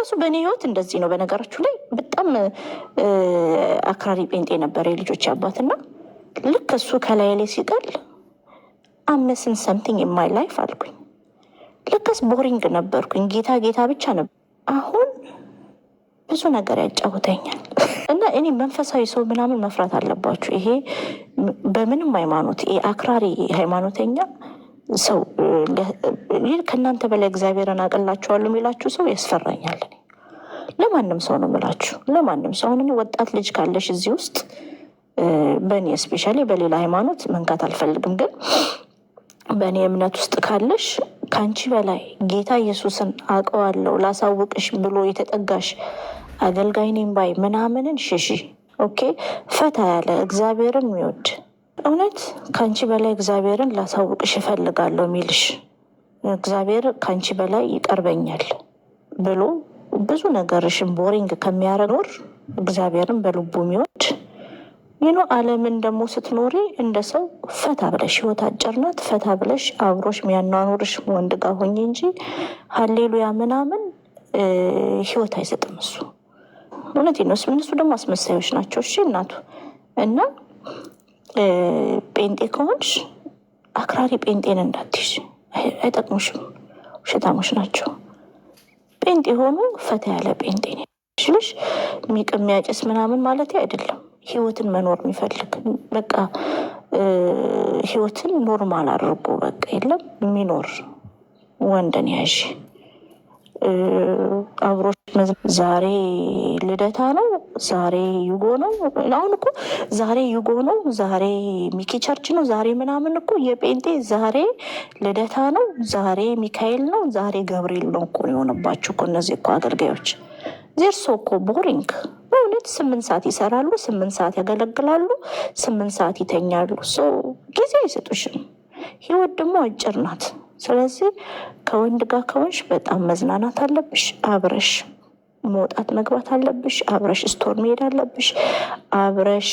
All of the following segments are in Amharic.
ራሱ በእኔ ህይወት እንደዚህ ነው። በነገራችሁ ላይ በጣም አክራሪ ጴንጤ ነበር የልጆች አባትና ልክ እሱ ከላይ ላይ ሲጠል አመስን ሰምቲንግ የማይ ላይፍ አልኩኝ። ልክስ ቦሪንግ ነበርኩኝ። ጌታ ጌታ ብቻ ነበር። አሁን ብዙ ነገር ያጫውተኛል እና እኔ መንፈሳዊ ሰው ምናምን መፍራት አለባችሁ። ይሄ በምንም ሃይማኖት አክራሪ ሃይማኖተኛ ሰው ይህ ከእናንተ በላይ እግዚአብሔርን አቅላችኋለሁ የሚላችሁ ሰው ያስፈራኛል። ለማንም ሰው ነው ምላችሁ፣ ለማንም ሰው አሁን ወጣት ልጅ ካለሽ እዚህ ውስጥ በእኔ ስፔሻሊ በሌላ ሃይማኖት መንካት አልፈልግም፣ ግን በእኔ እምነት ውስጥ ካለሽ ከአንቺ በላይ ጌታ ኢየሱስን አውቀዋለሁ ላሳውቅሽ ብሎ የተጠጋሽ አገልጋይ ነኝ ባይ ምናምንን ሽሺ ኦኬ፣ ፈታ ያለ እግዚአብሔርን የሚወድ እውነት ከአንቺ በላይ እግዚአብሔርን ላሳውቅሽ እፈልጋለሁ የሚልሽ እግዚአብሔር ከአንቺ በላይ ይቀርበኛል ብሎ ብዙ ነገርሽን ቦሪንግ ከሚያረኖር እግዚአብሔርን በልቡ የሚወድ ይኖ ዓለምን ደግሞ ስትኖሪ እንደ ሰው ፈታ ብለሽ ህይወት አጭር ናት። ፈታ ብለሽ አብሮሽ የሚያኗኑርሽ ወንድ ጋር ሆኜ እንጂ ሀሌሉያ ምናምን ህይወት አይሰጥም እሱ። እውነቴን ነው። እነሱ ደግሞ አስመሳዮች ናቸው። እሺ እናቱ እና ጴንጤ ከሆንሽ አክራሪ ጴንጤን እንዳትሽ፣ አይጠቅሙሽም፣ ውሸታሞች ናቸው። ጴንጤ ሆኑ ፈታ ያለ ጴንጤን ሽልሽ ሚቅም ምናምን ማለት አይደለም። ህይወትን መኖር የሚፈልግ በቃ ህይወትን ኖርማል አድርጎ በቃ የለም የሚኖር ወንድን ያዥ አብሮ ዛሬ ልደታ ነው። ዛሬ ዩጎ ነው። አሁን እኮ ዛሬ ዩጎ ነው፣ ዛሬ ሚኪ ቸርች ነው፣ ዛሬ ምናምን እኮ የጴንጤ ዛሬ ልደታ ነው፣ ዛሬ ሚካኤል ነው፣ ዛሬ ገብርኤል ነው እኮ የሆነባቸው እኮ እነዚህ እኮ አገልጋዮች ዜርሶ እኮ ቦሪንግ በእውነት ስምንት ሰዓት ይሰራሉ፣ ስምንት ሰዓት ያገለግላሉ፣ ስምንት ሰዓት ይተኛሉ። ጊዜ አይሰጡሽም። ህይወት ደግሞ አጭር ናት። ስለዚህ ከወንድ ጋር ከሆንሽ በጣም መዝናናት አለብሽ አብረሽ መውጣት መግባት አለብሽ። አብረሽ ስቶር መሄድ አለብሽ። አብረሽ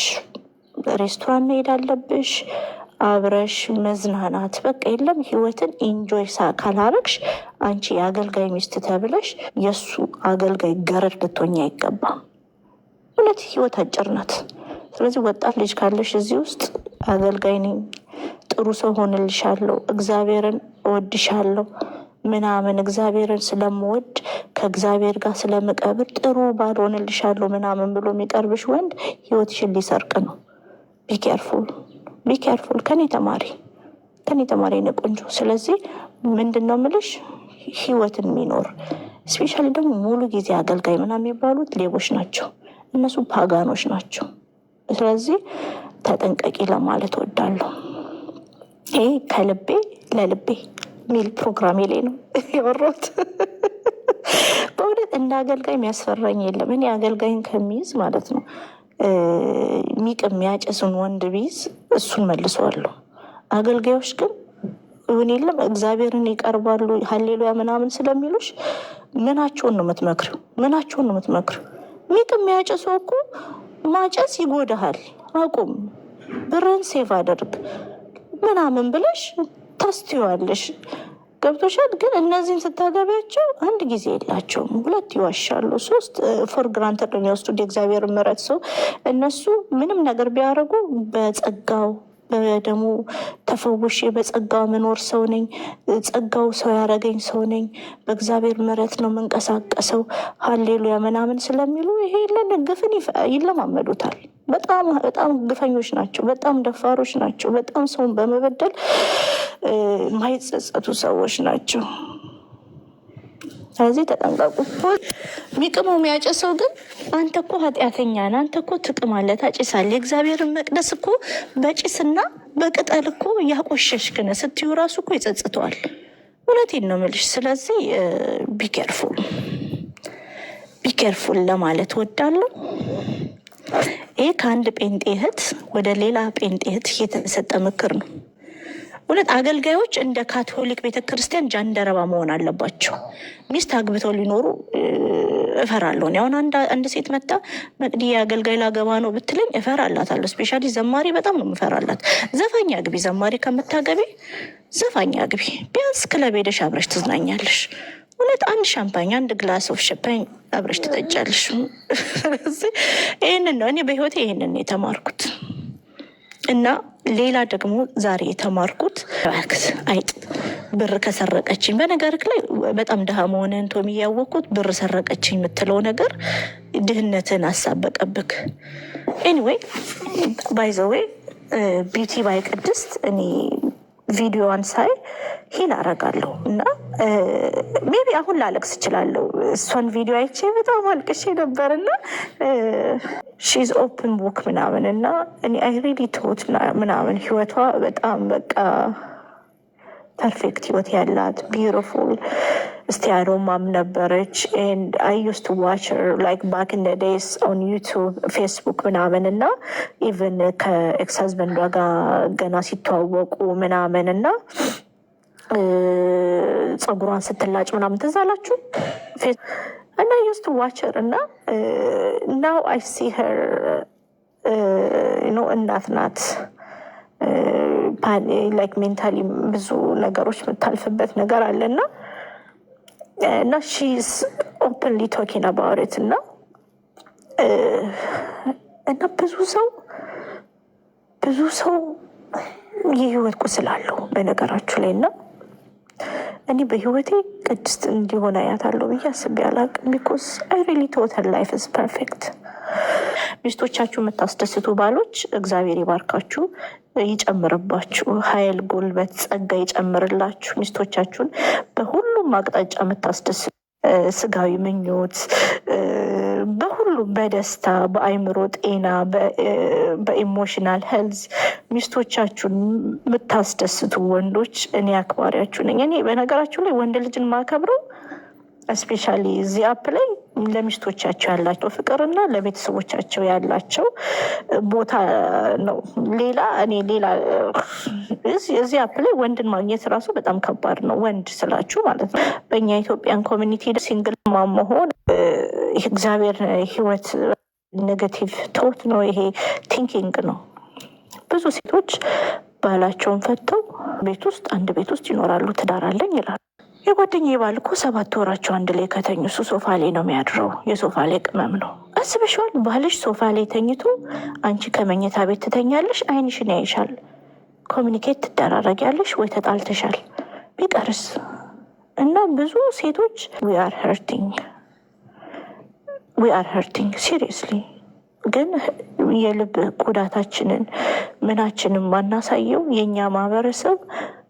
ሬስቶራንት መሄድ አለብሽ። አብረሽ መዝናናት በቃ የለም። ህይወትን ኢንጆይ ካላረግሽ አንቺ የአገልጋይ ሚስት ተብለሽ የእሱ አገልጋይ ገረድ ልትሆኝ አይገባም። እውነት ህይወት አጭር ናት። ስለዚህ ወጣት ልጅ ካለሽ እዚህ ውስጥ አገልጋይ ነኝ፣ ጥሩ ሰው ሆንልሻለሁ፣ እግዚአብሔርን እወድሻለሁ ምናምን እግዚአብሔርን ስለምወድ ከእግዚአብሔር ጋር ስለምቀብር ጥሩ ባል ምናምን ብሎ የሚቀርብሽ ወንድ ህይወትሽን ሊሰርቅ ነው። ቢኬርፉል ቢኬርፉል። ከኔ ተማሪ ከኔ ተማሪ ነው ቆንጆ። ስለዚህ ምንድን ነው ምልሽ ህይወትን የሚኖር ስፔሻሊ ደግሞ ሙሉ ጊዜ አገልጋይ ምናምን የሚባሉት ሌቦች ናቸው። እነሱ ፓጋኖች ናቸው። ስለዚህ ተጠንቀቂ ለማለት እወዳለሁ። ይሄ ከልቤ ለልቤ ሚል ፕሮግራም ላይ ነው ያወራሁት። በእውነት እንደ አገልጋይ የሚያስፈራኝ የለም። እኔ አገልጋይን ከሚይዝ ማለት ነው ሚቅ የሚያጨስን ወንድ ቢይዝ እሱን መልሰዋለሁ። አገልጋዮች ግን እውን የለም እግዚአብሔርን ይቀርባሉ ሀሌሉያ ምናምን ስለሚሉሽ ምናቸውን ነው የምትመክሪው? ምናቸውን ነው የምትመክሪው? ሚቅ የሚያጨሰው እኮ ማጨስ ይጎዳሃል፣ አቁም፣ ብርን ሴቭ አደርግ ምናምን ብለሽ ተስትዋለሽ ገብቶሻል። ግን እነዚህን ስታገቢያቸው አንድ ጊዜ የላቸውም፣ ሁለት ይዋሻሉ፣ ሶስት ፎር ግራንተር ነው የሚወስዱት የእግዚአብሔር ምሕረት ሰው። እነሱ ምንም ነገር ቢያደርጉ በጸጋው በደሞ ተፈውሼ በጸጋው መኖር ሰው ነኝ፣ ጸጋው ሰው ያደረገኝ ሰው ነኝ፣ በእግዚአብሔር ምሕረት ነው መንቀሳቀሰው፣ ሀሌሉያ ምናምን ስለሚሉ ይሄ ግፍን ይለማመዱታል። በጣም በጣም ግፈኞች ናቸው። በጣም ደፋሮች ናቸው። በጣም ሰውን በመበደል የማይጸጸቱ ሰዎች ናቸው። ስለዚህ ተጠንቀቁ። ሚቅሙ የሚያጨሰው ግን አንተ እኮ ኃጢአተኛ ነህ፣ አንተ እኮ ትቅማለህ፣ ታጭሳለህ፣ የእግዚአብሔርን መቅደስ እኮ በጭስና በቅጠል እኮ እያቆሸሽክ ነህ ስትዩ ራሱ እኮ ይጸጽተዋል። እውነቴን ነው የምልሽ። ስለዚህ ቢኬርፉል ቢኬርፉል ለማለት ወዳለሁ። ይህ ከአንድ ጴንጤ እህት ወደ ሌላ ጴንጤ እህት የተሰጠ ምክር ነው። ሁለት አገልጋዮች እንደ ካቶሊክ ቤተክርስቲያን ጃንደረባ መሆን አለባቸው። ሚስት አግብተው ሊኖሩ እፈራለሁ። አሁን አንድ ሴት መጣ መቅዲ አገልጋይ ላገባ ነው ብትለኝ እፈራላታለሁ። ስፔሻሊ ዘማሪ በጣም ነው የምፈራላት። ዘፋኝ አግቢ፣ ዘማሪ ከምታገቢ ዘፋኝ አግቢ። ቢያንስ ክለብ ሄደሽ አብረሽ ትዝናኛለሽ። እውነት አንድ ሻምፓኝ፣ አንድ ግላስ ኦፍ ሻምፓኝ አብረሽ ትጠጫለሽ። ይህንን ነው እኔ በህይወቴ ይህንን የተማርኩት። እና ሌላ ደግሞ ዛሬ የተማርኩት ባክስ አይጥ ብር ከሰረቀችኝ፣ በነገርክ ላይ በጣም ድሀ መሆንህን ቶም እያወቅኩት ብር ሰረቀችኝ የምትለው ነገር ድህነትን አሳበቀብክ። ኤኒዌይ ባይዘዌይ ቢቲ ባይ ቅድስት እኔ ቪዲዮዋን ሳይ ሂል አረጋለሁ እና ቢ አሁን ላለቅስ እችላለሁ። እሷን ቪዲዮ አይቼ በጣም አልቅሼ ነበር እና ሺዝ ኦፕን ቡክ ምናምን እና እኔ አይሪዲ ትት ምናምን ህይወቷ በጣም በቃ ፐርፌክት ህይወት ያላት ቢዩቲፉል ስቲያሮማም ነበረች። ኤንድ አይ ዩስ ቱ ዋቸር ላይክ ባክ ኢን ዴይስ ኦን ዩቱብ ፌስቡክ ምናምን እና ኢቨን ከኤክስ ሀዝበንዷ ጋር ገና ሲተዋወቁ ምናምን እና ጸጉሯን ስትላጭ ምናምን ትዝ አላችሁ? እና ዩስቱ ዋቸር እና ናው አይ ሲ ሄር እናት ናት። ላይክ ሜንታሊ ብዙ ነገሮች የምታልፍበት ነገር አለ እና እና ሺዝ ኦፕንሊ ቶኪን አባውት እና እና ብዙ ሰው ብዙ ሰው የህይወት ቁስል አለው በነገራችሁ ላይ እና እኔ በህይወቴ ቅድስት እንዲሆን አያታለሁ ብዬ አስቤ አላቅም። ቢኮዝ አይ ሪሊ ቶታል ላይፍ ኢዝ ፐርፌክት። ሚስቶቻችሁ የምታስደስቱ ባሎች እግዚአብሔር ይባርካችሁ፣ ይጨምርባችሁ፣ ኃይል፣ ጉልበት፣ ጸጋ ይጨምርላችሁ። ሚስቶቻችሁን በሁሉም አቅጣጫ የምታስደስቱ ስጋዊ ምኞት በሁሉም በደስታ በአይምሮ ጤና በኢሞሽናል ሄልዝ ሚስቶቻችሁን የምታስደስቱ ወንዶች እኔ አክባሪያችሁ ነኝ። እኔ በነገራችሁ ላይ ወንድ ልጅን ማከብረው ስፔሻሊ እዚህ አፕ ላይ ለሚስቶቻቸው ያላቸው ፍቅርና ለቤተሰቦቻቸው ያላቸው ቦታ ነው። ሌላ እኔ ሌላ እዚህ አፕ ላይ ወንድን ማግኘት ራሱ በጣም ከባድ ነው። ወንድ ስላችሁ ማለት ነው በእኛ ኢትዮጵያን ኮሚኒቲ ሲንግል መሆን እግዚአብሔር ህይወት ኔጋቲቭ ቶት ነው። ይሄ ቲንኪንግ ነው። ብዙ ሴቶች ባላቸውን ፈተው ቤት ውስጥ አንድ ቤት ውስጥ ይኖራሉ። ትዳር አለኝ ይላሉ። የጓደኛ ባል እኮ ሰባት ወራቸው አንድ ላይ ከተኙ እሱ ሶፋ ላይ ነው የሚያድረው። የሶፋ ላይ ቅመም ነው። አስበሽዋል? ባልሽ ሶፋ ላይ ተኝቶ አንቺ ከመኝታ ቤት ትተኛለሽ። አይንሽን ያይሻል። ኮሚኒኬት ትደራረጊያለሽ ወይ ተጣልተሻል ቢቀርስ እና ብዙ ሴቶች ዊ አር ሄርቲንግ ዊ አር ሲሪየስሊ ግን የልብ ጉዳታችንን ምናችንን ማናሳየው የእኛ ማህበረሰብ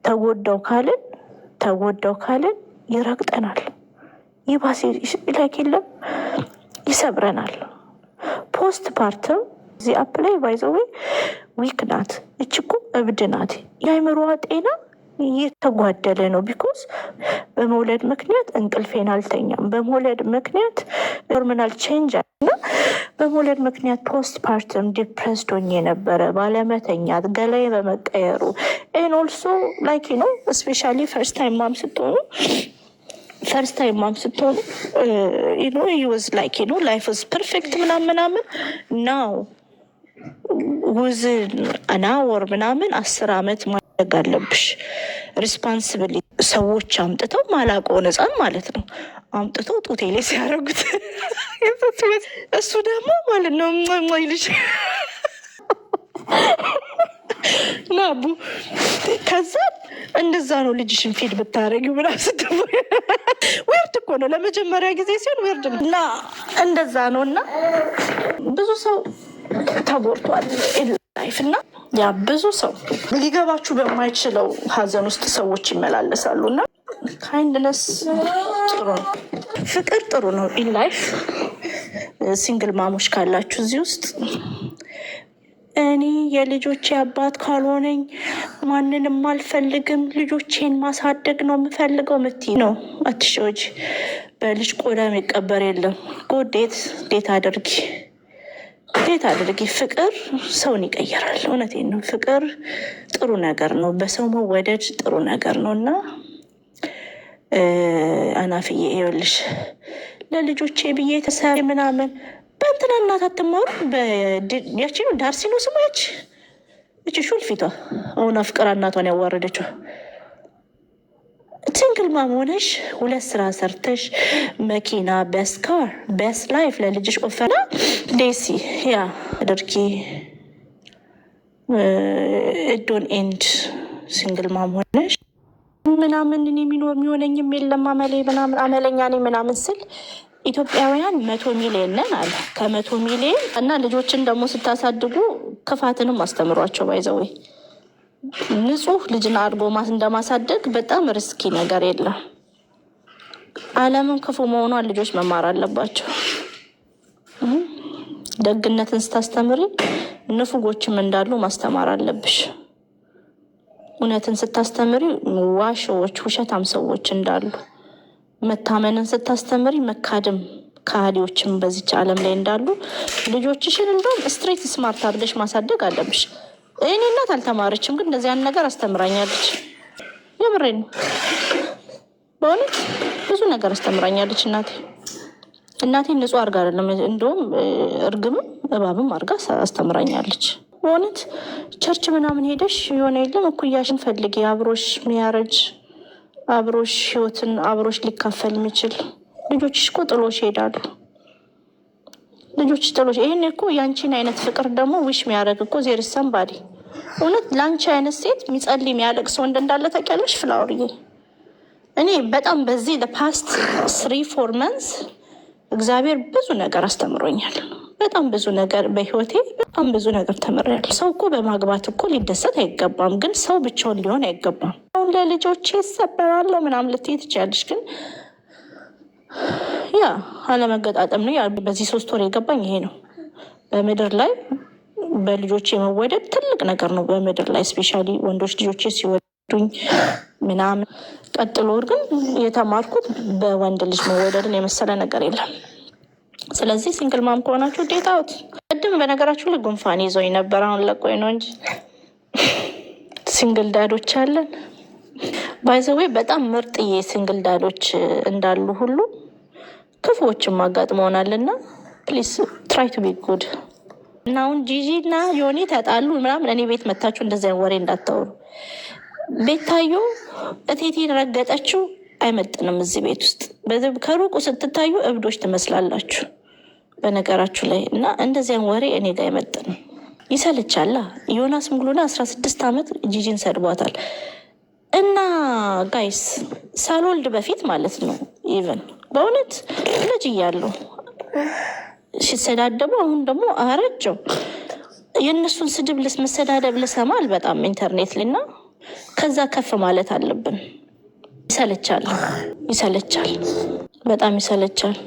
ተጎዳው ካልን ተጎዳው ካልን ይረግጠናል፣ ይባስ ላክ የለም ይሰብረናል። ፖስት ፓርትም እዚህ አፕ ላይ ባይዘዌ ዊክ ናት። እችኮ እብድ ናት። የአይምሮዋ ጤና እየተጓደለ ነው። ቢኮዝ በመውለድ ምክንያት እንቅልፌን አልተኛም። በመውለድ ምክንያት ሆርሞናል ቼንጅ እና በመውለድ ምክንያት ፖስት ፓርትም ዲፕረስድ ሆኜ የነበረ ባለመተኛት፣ ገላይ በመቀየሩ ኤን ኦልሶ ላይክ ነው ስፔሻሊ ፈርስት ታይም ማም ስትሆኑ ፈርስት ታይም ማም ስትሆኑ ኖ ዩዝ ላይክ ኖ ላይፍ ዝ ፐርፌክት ምናምን ምናምን ናው ውዝ አናወር ምናምን አስር አመት ማድረግ አለብሽ። ሪስፓንስብል ሰዎች አምጥተው ማላውቀው ነፃን ማለት ነው አምጥተው ጡቴ ላይ ሲያደርጉት እሱ ደግሞ ማለት ነው ማይልሽ ናቡ ከዛ እንደዛ ነው ልጅሽን ፊድ ብታደረጊው ብላ ስት ወርድ እኮ ነው ለመጀመሪያ ጊዜ ሲሆን ወርድ ነው እና እንደዛ ነው እና ብዙ ሰው ተጎድቷል። ላይፍ እና ያ ብዙ ሰው ሊገባችሁ በማይችለው ሀዘን ውስጥ ሰዎች ይመላለሳሉ እና ካይንድነስ ጥሩ ነው፣ ፍቅር ጥሩ ነው። ኢን ላይፍ ሲንግል ማሞች ካላችሁ እዚህ ውስጥ እኔ የልጆቼ አባት ካልሆነኝ ማንንም አልፈልግም፣ ልጆቼን ማሳደግ ነው የምፈልገው ምትይ ነው አትሸወጂ። በልጅ ቆዳ የሚቀበር የለም። ጎዴት ዴት አድርጊ እንዴት አድርጊ። ፍቅር ሰውን ይቀይራል። እውነት ነው። ፍቅር ጥሩ ነገር ነው። በሰው መወደድ ጥሩ ነገር ነው እና አናፍዬ ይኸውልሽ ለልጆቼ ብዬ ተሰሪ ምናምን በእንትና እናት አትማሩ ያቺ ዳርሲኖ ስማች እች ሹል ፊቷ አሁን አፍቅራ እናቷን ያዋረደችው ሲንግል ማም ሆነሽ ሁለት ስራ ሰርተሽ መኪና ቤስት ካር ቤስት ላይፍ ለልጅሽ ቆፈና ዴሲ ያ አድርጊ። እዶን ኤንድ ሲንግል ማም ሆነሽ ምናምን እኔ የሚኖር የሚሆነኝም የለም አመሌ ምናምን አመለኛ ነኝ ምናምን ስል ኢትዮጵያውያን መቶ ሚሊየን ነን አለ ከመቶ ሚሊየን እና ልጆችን ደግሞ ስታሳድጉ ክፋትንም አስተምሯቸው ባይዘወይ ንጹህ ልጅን አድርጎ እንደማሳደግ በጣም ርስኪ ነገር የለም። አለምን ክፉ መሆኗን ልጆች መማር አለባቸው። ደግነትን ስታስተምሪ ንፉጎችም እንዳሉ ማስተማር አለብሽ። እውነትን ስታስተምሪ ዋሾዎች፣ ውሸታም ሰዎች እንዳሉ፣ መታመንን ስታስተምሪ መካድም ከሃዲዎችም በዚች ዓለም ላይ እንዳሉ ልጆችሽን እንደውም ስትሬት ስማርት አድርገሽ ማሳደግ አለብሽ። እኔ እናት አልተማረችም፣ ግን እንደዚህ አይነት ነገር አስተምራኛለች። የምሬ ነው። በእውነት ብዙ ነገር አስተምራኛለች እናቴ። እናቴን ንጹህ አርጋ አይደለም እንደውም እርግምም እባብም አርጋ አስተምራኛለች። በእውነት ቸርች ምናምን ሄደሽ የሆነ የለም እኩያሽን ፈልጊ፣ አብሮሽ ሚያረጅ አብሮሽ ህይወትን አብሮሽ ሊካፈል የሚችል ልጆችሽ እኮ ጥሎሽ ይሄዳሉ። ልጆች ጥሎች ይህን እኮ የአንቺን አይነት ፍቅር ደግሞ ውሽ የሚያደርግ እኮ ዜር ሰምባዲ እውነት ለአንቺ አይነት ሴት የሚጸልይ የሚያለቅስ ወንድ እንዳለ ታውቂያለሽ ፍላወርዬ። እኔ በጣም በዚህ ለፓስት ስሪ ፎር መንስ እግዚአብሔር ብዙ ነገር አስተምሮኛል። በጣም ብዙ ነገር በህይወቴ በጣም ብዙ ነገር ተምሬያለሁ። ሰው እኮ በማግባት እኮ ሊደሰት አይገባም፣ ግን ሰው ብቻውን ሊሆን አይገባም። አሁን ለልጆቼ ይሰበራለሁ ምናምን ልትይ ትችያለሽ ግን ያ አለመገጣጠም ነው። በዚህ ሶስት ወር የገባኝ ይሄ ነው። በምድር ላይ በልጆች የመወደድ ትልቅ ነገር ነው። በምድር ላይ ስፔሻሊ ወንዶች ልጆች ሲወዱኝ ምናምን። ቀጥሎ ግን የተማርኩት በወንድ ልጅ መወደድን የመሰለ ነገር የለም። ስለዚህ ሲንግል ማም ከሆናችሁ ዴታውት ቅድም በነገራችሁ ላይ ጉንፋን ይዞኝ ነበር። አሁን ለቆይ ነው እንጂ ሲንግል ዳዶች አለን። ባይዘዌ በጣም ምርጥዬ ሲንግል ዳዶች እንዳሉ ሁሉ ክፉዎችም አጋጥመውናል እና ፕሊስ ትራይ ቱ ቢ ጉድ እና አሁን ጂጂ እና ዮኒ ተጣሉ ምናምን እኔ ቤት መታችሁ እንደዚ ወሬ እንዳታወሩ። ቤታዩ እቴቴን ረገጠችው አይመጥንም። እዚህ ቤት ውስጥ ከሩቁ ስትታዩ እብዶች ትመስላላችሁ በነገራችሁ ላይ እና እንደዚያን ወሬ እኔ ጋር አይመጥንም። ይሰልቻላ ዮናስ ሙሉና አስራ ስድስት ዓመት ጂጂን ሰድቧታል። እና ጋይስ ሳልወልድ በፊት ማለት ነው ኢቨን በእውነት ልጅ እያለሁ ሲሰዳደቡ፣ አሁን ደግሞ አረጀው የእነሱን ስድብ ልስ መሰዳደብ ልሰማ በጣም ኢንተርኔት ልና ከዛ ከፍ ማለት አለብን። ይሰለቻል፣ ይሰለቻል፣ በጣም ይሰለቻል።